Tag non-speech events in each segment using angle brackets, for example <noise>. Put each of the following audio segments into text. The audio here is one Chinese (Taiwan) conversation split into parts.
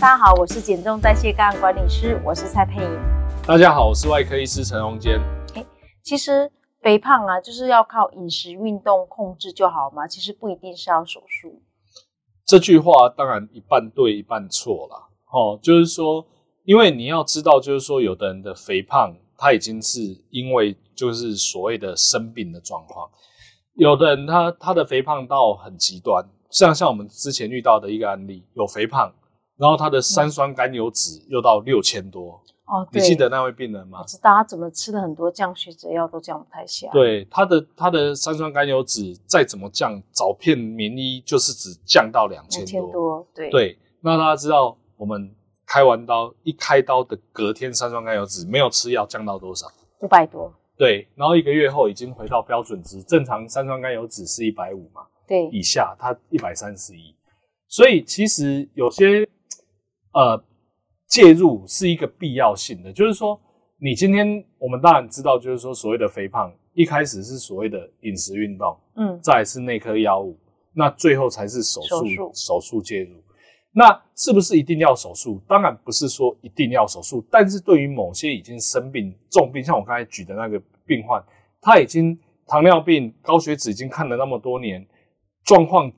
大家好，我是減重代謝個案管理師，我是蔡沛穎。大家好，我是外科醫師陳榮堅。欸，其實肥胖啊，就是要靠飲食運動控制就好嗎？其實不一定是要手術。這句話當然一半對一半錯啦。哦，就是說，因為你要知道，就是說，有的人的肥胖，他已經是因為就是所謂的生病的狀況。有的人他他的肥胖到很極端，像像我們之前遇到的一個案例，有肥胖。然後他的三酸甘油脂又到六千多哦。對，你記得那位病人嗎？我知道他怎麼吃了很多降血脂藥都降不太下。對他的他的三酸甘油脂再怎麼降，找遍名醫就是只降到兩千多。兩千多，對對。那大家知道我們開完刀一開刀的隔天三酸甘油脂沒有吃藥降到多少？五百多。對，然後一個月後已經回到標準值，正常三酸甘油脂是一百五嘛？對，以下他一百三十一，所以其實有些，呃，介入是一個必要性的，就是說，你今天我們當然知道，就是說所謂的肥胖，一開始是所謂的飲食運動，嗯，再來是內科藥物，那最後才是手術手術介入。那是不是一定要手術？當然不是說一定要手術，但是對於某些已經生病重病，像我剛才舉的那個病患，他已經糖尿病、高血脂，已經看了那麼多年，狀況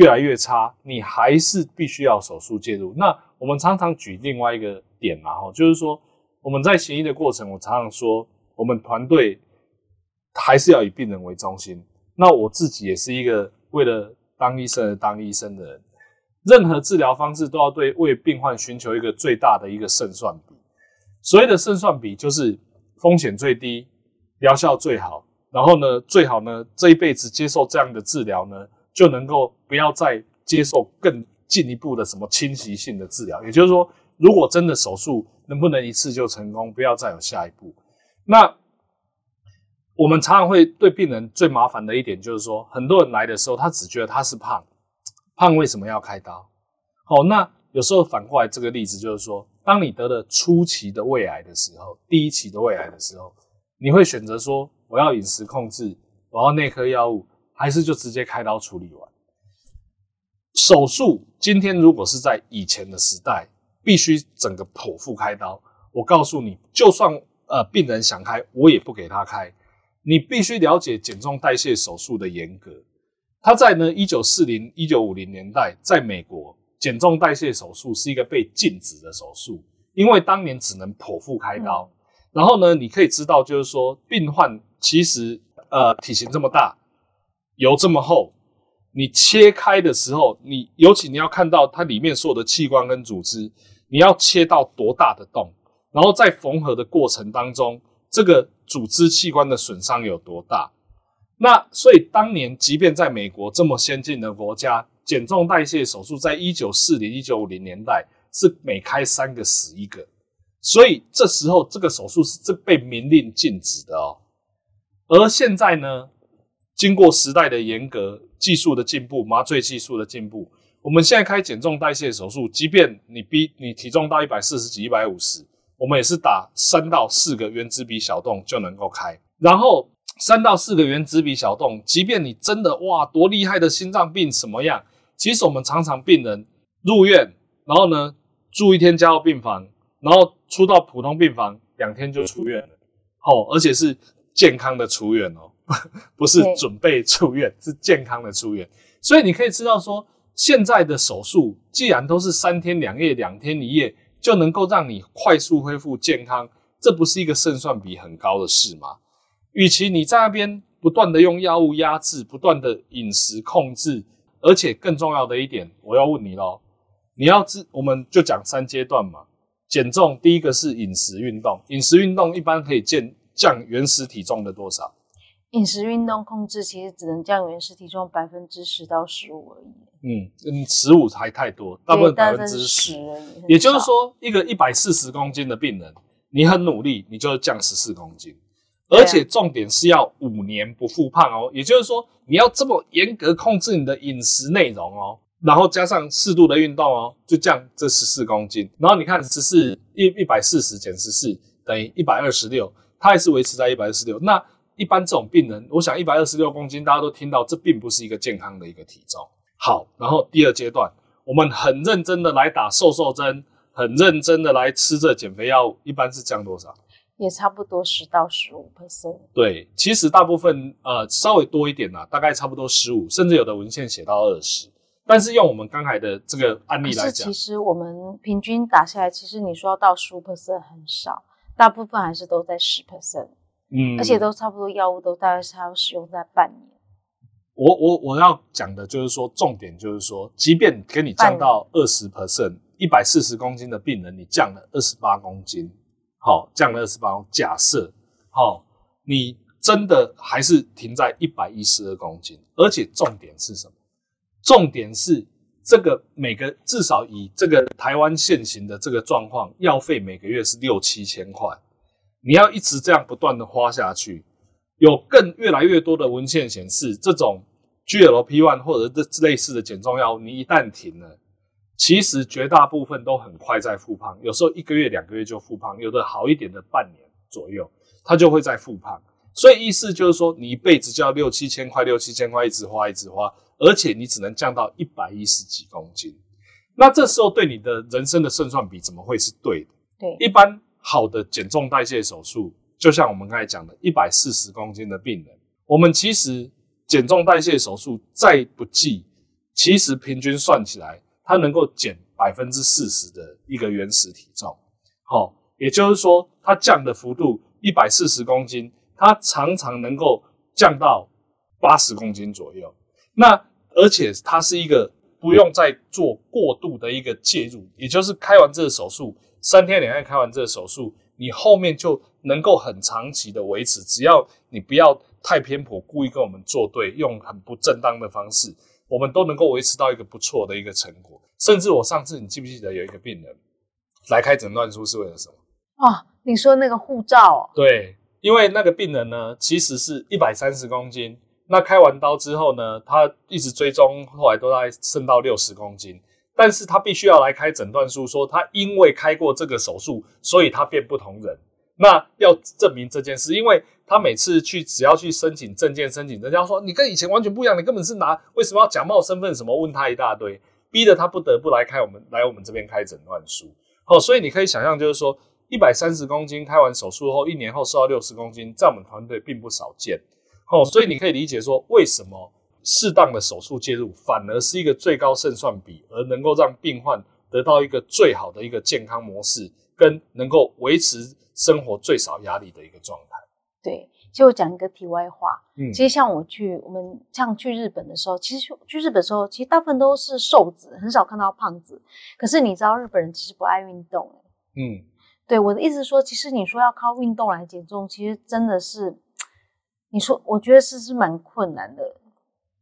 越來越差，你還是必須要手術介入。那我們常常舉另外一個點嘛，吼，就是說我們在行醫的過程，我常常說，我們團隊還是要以病人為中心。那我自己也是一個為了當醫生而當醫生的人，任何治療方式都要對為病患尋求一個最大的一個勝算比。所謂的勝算比就是風險最低，療效最好，然後呢，最好呢，這一輩子接受這樣的治療呢，就能夠不要再接受更進一步的什麼侵襲性的治療，也就是說，如果真的手術能不能一次就成功，不要再有下一步。那我們常常會對病人最麻煩的一點就是說，很多人來的時候他只覺得他是胖，胖為什麼要開刀？好，那有時候反過來這個例子就是說，當你得了初期的胃癌的時候，第一期的胃癌的時候，你會選擇說我要飲食控制，我要內科藥物。還是就直接開刀處理完手術。今天如果是在以前的時代，必須整個剖腹開刀。我告訴你，就算呃病人想開，我也不給他開。你必須了解減重代謝手術的嚴格。他在呢一九四零、一九五零年代，在美國，減重代謝手術是一個被禁止的手術，因為當年只能剖腹開刀。然後呢，你可以知道，就是說病患其實呃體型這麼大。油這麼厚，你切開的時候，你尤其你要看到它裡面所有的器官跟組織，你要切到多大的洞，然後在縫合的過程當中，這個組織器官的損傷有多大？那所以當年即便在美國這麼先進的國家，減重代謝手術在1940、1950年代是每開三個死一個，所以這時候這個手術是被明令禁止的哦。而現在呢？經過時代的嚴格，技術的進步，麻醉技術的進步，我們現在開減重代謝手術，即便你比你體重到一百四十幾、一百五十，我們也是打三到四個原子筆小洞就能夠開。然後三到四個原子筆小洞，即便你真的哇多厲害的心臟病什麼樣，其實我們常常病人入院，然後呢住一天加護病房，然後出到普通病房兩天就出院了。哦，而且是。健康的出院哦，不是準備出院，是健康的出院。所以你可以知道說，現在的手術既然都是三天兩夜、兩天一夜，就能夠讓你快速恢復健康，這不是一個勝算比很高的事嗎？與其你在那邊不斷的用藥物壓制、不斷的飲食控制，而且更重要的一點，我要問你嘍，你要知我們就講三階段嘛，減重第一個是飲食運動，飲食運動一般可以減，降原始體重的多少？飲食運動控制其實只能降原始體重百分之十到十五而已。嗯嗯，十五還太多，大部分百分之十。也就是說，一個一百四十公斤的病人，你很努力，你就降十四公斤、啊，而且重點是要五年不復胖哦。也就是說，你要這麼嚴格控制你的飲食內容哦，然後加上適度的運動哦，就降這十四公斤。然後你看十四一一百四十減十四等於一百二十六。它還是維持在一百二十六。那一般這種病人，我想一百二十六公斤，大家都聽到，這並不是一個健康的一個體重。好，然後第二階段，我們很認真的來打瘦瘦針，很認真的來吃這減肥藥物，一般是降多少？也差不多十到十五 percent。對，其實大部分呃稍微多一點啦、啊，大概差不多十五，甚至有的文獻寫到二十。但是用我們剛才的這個案例來講，其實我們平均打下來，其實你說要到十五 percent 很少。大部分還是都在十 percent，嗯，而且都差不多，藥物都大概是要使用在半年。我我我要講的就是說，重點就是說，即便給你降到二十 percent，一百四十公斤的病人，你降了二十八公斤，好，哦，降了二十八公斤，假設好，哦，你真的還是停在一百一十二公斤，而且重點是什麼？重點是。這個每個至少以這個台灣現行的這個狀況，藥費每個月是六七千塊，你要一直這樣不斷的花下去。有更越來越多的文獻顯示，這種 GLP-1 或者這類似的減重藥，你一旦停了，其實絕大部分都很快再復胖，有時候一個月兩個月就復胖，有的好一點的半年左右，它就會再復胖。所以意思就是說，你一輩子就要六七千塊，六七千塊一直花一直花。而且你只能降到一百一十幾公斤，那這時候對你的人生的勝算比怎麼會是對的？對、嗯，一般好的減重代謝手術，就像我們剛才講的，一百四十公斤的病人，我們其實減重代謝手術再不濟，其實平均算起來，它能夠減百分之四十的一個原始體重。好、哦，也就是說，它降的幅度一百四十公斤，它常常能夠降到八十公斤左右。那而且它是一個不用再做過度的一個介入，也就是開完這個手術三天兩夜，開完這個手術，你後面就能夠很長期的維持，只要你不要太偏頗，故意跟我們作對，用很不正當的方式，我們都能夠維持到一個不錯的一個成果。甚至我上次，你記不記得有一個病人來開診斷書是為了什麼？哦，你說那個護照？對，因為那個病人呢，其實是一百三十公斤。那開完刀之後呢？他一直追蹤，後來都在剩到六十公斤，但是他必須要來開診斷書，說他因為開過這個手術，所以他變不同人。那要證明這件事，因為他每次去，只要去申請證件，申請人家說你跟以前完全不一樣，你根本是拿為什麼要假冒身份，什麼？問他一大堆，逼得他不得不來開我們來我們這邊開診斷書。好、哦，所以你可以想象，就是說一百三十公斤開完手術後，一年後瘦到六十公斤，在我們團隊並不少見。哦，所以你可以理解說，為什麼適當的手術介入反而是一個最高勝算比，而能夠讓病患得到一個最好的一個健康模式，跟能夠維持生活最少壓力的一個狀態。對，就講一個題外話，嗯，其實像我去我們像去日本的時候，其實去日本的時候，其實大部分都是瘦子，很少看到胖子。可是你知道日本人其實不愛運動，嗯，對，我的意思是說，其實你說要靠運動來減重，其實真的是。你說，我覺得是是蠻困難的。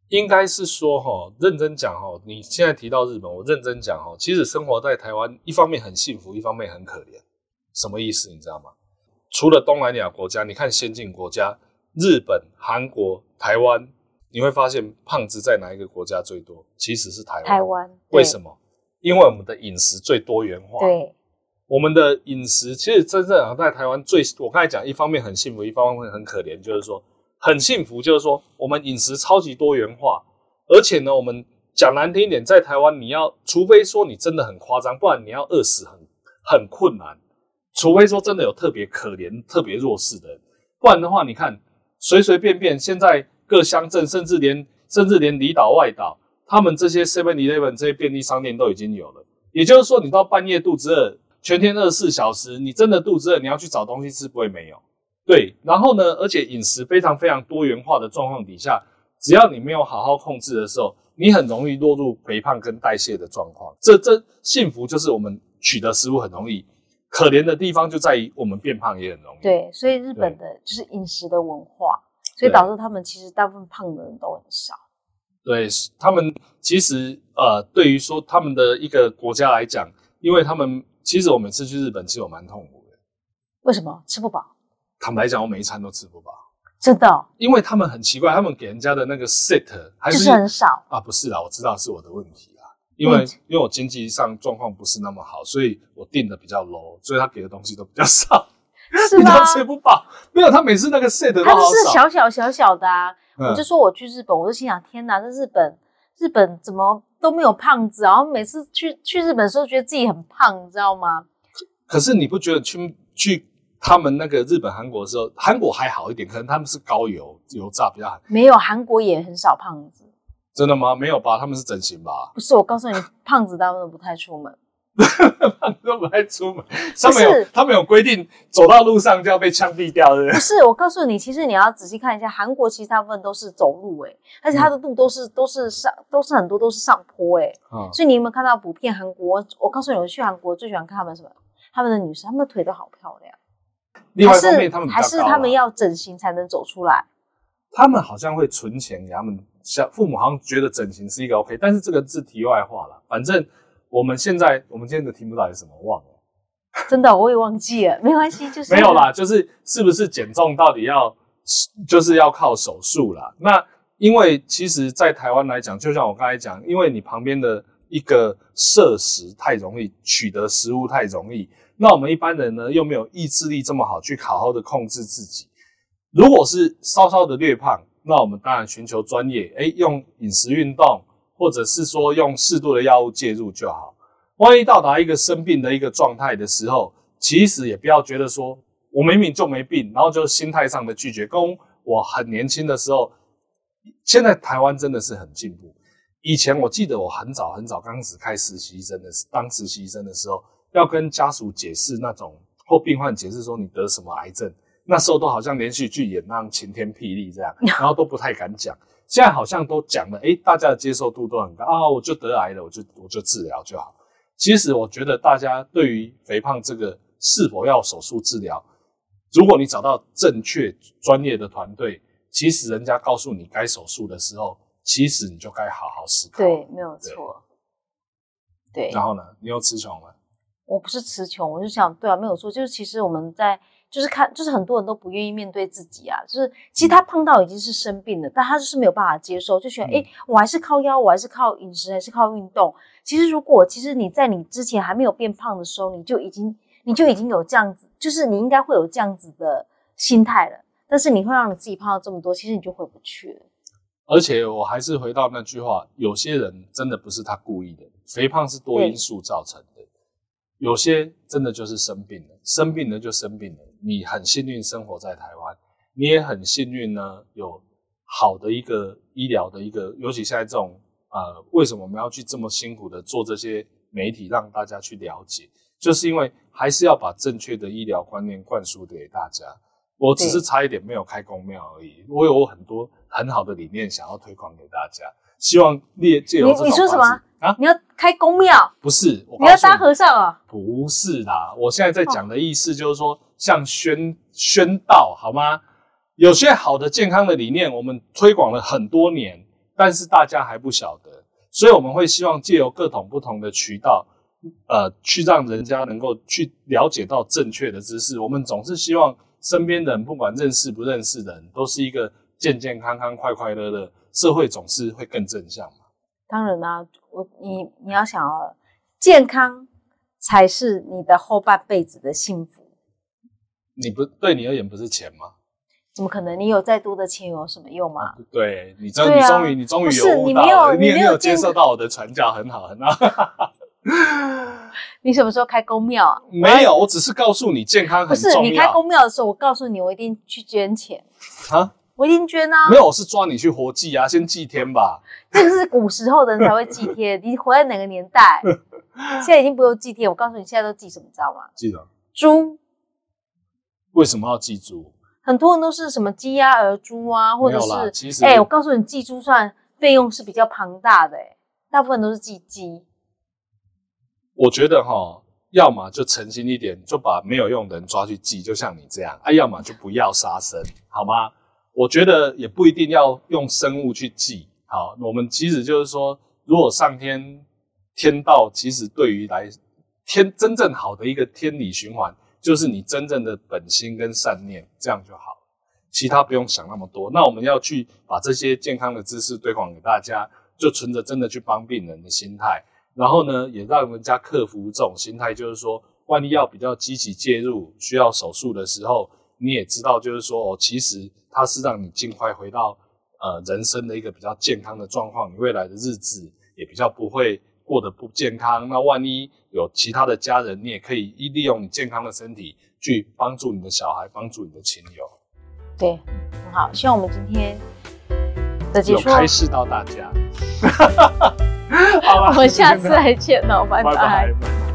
應該是說、哦，哈，認真講、哦，哈，你現在提到日本，我認真講、哦，哈，其實生活在台灣，一方面很幸福，一方面很可憐，什麼意思，你知道嗎？除了東南亞國家，你看先進國家，日本、韓國、台灣，你會發現胖子在哪一個國家最多？其實是台灣。台灣。為什麼？因為我們的飲食最多元化。對。我們的飲食其實真正在台灣最，我剛才講，一方面很幸福，一方面很可憐，就是說。很幸福，就是說我們飲食超級多元化，而且呢，我們講難聽一點，在台灣你要除非說你真的很誇張，不然你要餓死很很困難，除非說真的有特別可憐、特別弱勢的人，不然的話，你看隨隨便便現在各鄉鎮，甚至連甚至連離島、外島，他們這些 Seven Eleven 這些便利商店都已經有了。也就是說，你到半夜肚子餓，全天24小時，你真的肚子餓，你要去找東西吃不會沒有。對，然後呢，而且飲食非常非常多元化的狀況底下，只要你沒有好好控制的時候，你很容易落入肥胖跟代謝的狀況。這這幸福就是我們取得食物很容易，可憐的地方就在於我們變胖也很容易。對，所以日本的就是飲食的文化，所以導致他們其實大部分胖的人都很少。對，他們其實呃，對於說他們的一個國家來講，因為他們其實我每次去日本，其實我蠻痛苦的。為什麼吃不飽？坦白講，我每一餐都吃不飽，真的、哦。因為他們很奇怪，他們給人家的那個 set 還是、就是、很少啊，不是啦，我知道是我的問題啊，因為、嗯、因為我經濟上狀況不是那麼好，所以我訂的比較 low，所以他給的東西都比較少，是他吃不飽，沒有，他每次那個 set 都好少，他就是小小小小，小的啊，啊、嗯。我就說我去日本，我就心想，天哪，這日本日本怎麼都沒有胖子？然後每次去去日本的時候，覺得自己很胖，你知道嗎？可是你不覺得去去？他們那個日本、韓國的時候，韓國還好一點，可能他們是高油油炸比較。沒有，韓國也很少胖子。真的嗎？沒有吧？他們是整形吧？不是，我告訴你，胖子他們都不太出門。胖 <laughs> 子都不太出門，他們有他們有規定，走到路上就要被槍斃掉的。不是，我告訴你，其實你要仔細看一下，韓國其實大部分都是走路、欸，誒，而且他的路都是、嗯、都是上都是很多都是上坡、欸，誒、嗯。所以你有沒有看到普遍韓國？我告訴你，我去韓國最喜歡看他們什麼？他們的女生，他們的腿都好漂亮。另外一方面，他們還是他們要整形才能走出來。他們好像會存錢給他們，像父母好像覺得整形是一個 OK。但是這個是題外話了。反正我們現在我們今天的題目到底是什麼忘了？真的，我也忘記了，沒關係，就是沒有啦。就是是不是減重到底要就是要靠手術啦？那因為其實，在台灣來講，就像我剛才講，因為你旁邊的一個攝食太容易，取得食物太容易。那我們一般人呢，又沒有意志力這麼好去好好的控制自己。如果是稍稍的略胖，那我們當然尋求專業，誒、欸，用飲食、運動，或者是說用適度的藥物介入就好。萬一到達一個生病的一個狀態的時候，其實也不要覺得說我明明就沒病，然後就心態上的拒絕。跟我很年輕的時候，現在台灣真的是很進步。以前我記得我很早很早剛開始開實習生的，當實習生的時候。要跟家屬解釋那種，或病患解釋說，你得什麼癌症，那時候都好像連續劇演那樣晴天霹靂這樣，然後都不太敢講。 <laughs> 現在好像都講了，哎、欸，大家的接受度都很高啊，我就得癌了，我就我就治療就好。其實我覺得大家對於肥胖這個是否要手術治療，如果你找到正確專業的團隊，其實人家告訴你該手術的時候，其實你就該好好思考。對，沒有錯。對，然後呢，你又詞窮了。我不是詞窮，我就想，對啊，沒有錯，就是其實我們在就是看，就是很多人都不願意面對自己啊，就是其實他胖到已經是生病了，但他就是沒有辦法接受，就選，誒、嗯欸，我還是靠藥，我還是靠飲食，還是靠運動。其實如果其實你在你之前還沒有變胖的時候，你就已經你就已經有這樣子，就是你應該會有這樣子的心態了。但是你會讓你自己胖到這麼多，其實你就回不去了。而且我還是回到那句話，有些人真的不是他故意的，肥胖是多因素造成的。有些真的就是生病了，生病了就生病了。你很幸運生活在台灣，你也很幸運呢，有好的一個醫療的一個，尤其現在這種，呃，為什麼我們要去這麼辛苦的做這些媒體，讓大家去了解，就是因為還是要把正確的醫療觀念灌輸給大家。我只是差一點沒有開宮廟而已，我有很多很好的理念想要推廣給大家，希望借借由這種方式。你,你說什麼？啊！你要開公廟？不是，你要當和尚啊？不是啦，我現在在講的意思就是說，像宣宣道，好嗎？有些好的健康的理念，我們推廣了很多年，但是大家還不曉得，所以我們會希望借由各種不同的渠道，呃，去讓人家能夠去了解到正確的知識。我們總是希望身邊人，不管認識不認識的人，都是一個健健康康、快快樂樂，社會總是會更正向嘛。當然啦、啊，我你你要想、啊，健康才是你的後半輩子的幸福。你不對你而言不是錢嗎？怎麼可能？你有再多的錢有什麼用嗎？啊、對，你終、啊、你終於你終於有悟你沒有你沒有，你你有接受到我的傳教，很好很好。你什麼時候開宮廟啊？沒有，我只是告訴你健康很重要。可是你開宮廟的時候，我告訴你我一定去捐錢啊。我已經捐啦、啊！沒有，我是抓你去活祭啊，先祭天吧。這個是古時候的人才會祭天， <laughs> 你活在哪個年代？ <laughs> 現在已經不用祭天，我告訴你，現在都祭什麼，知道嗎？祭豬。為什麼要祭豬？很多人都是什麼雞鴨鵝豬啊，或者是……其實、欸，哎，我告訴你，祭豬算費用是比較龐大的、欸，哎，大部分都是祭雞。我覺得哈，要麼就誠心一點，就把沒有用的人抓去祭，就像你這樣，哎、啊，要麼就不要殺生，好嗎？我覺得也不一定要用生物去記，好，我們其實就是說，如果上天天道，其實對於來天真正好的一個天理循環，就是你真正的本心跟善念，這樣就好，其他不用想那麼多。那我們要去把這些健康的知識推廣給大家，就存着真的去幫病人的心態，然後呢，也讓人家克服這種心態，就是說，萬一要比較積極介入，需要手術的時候。你也知道，就是說、哦，其實它是讓你盡快回到呃人生的一個比較健康的狀況，你未來的日子也比較不會過得不健康。那萬一有其他的家人，你也可以一利用你健康的身體去幫助你的小孩，幫助你的親友。對，很好，希望我們今天的解說開始到大家。 <laughs> 好吧，我們下次再見了，拜拜。拜拜拜拜。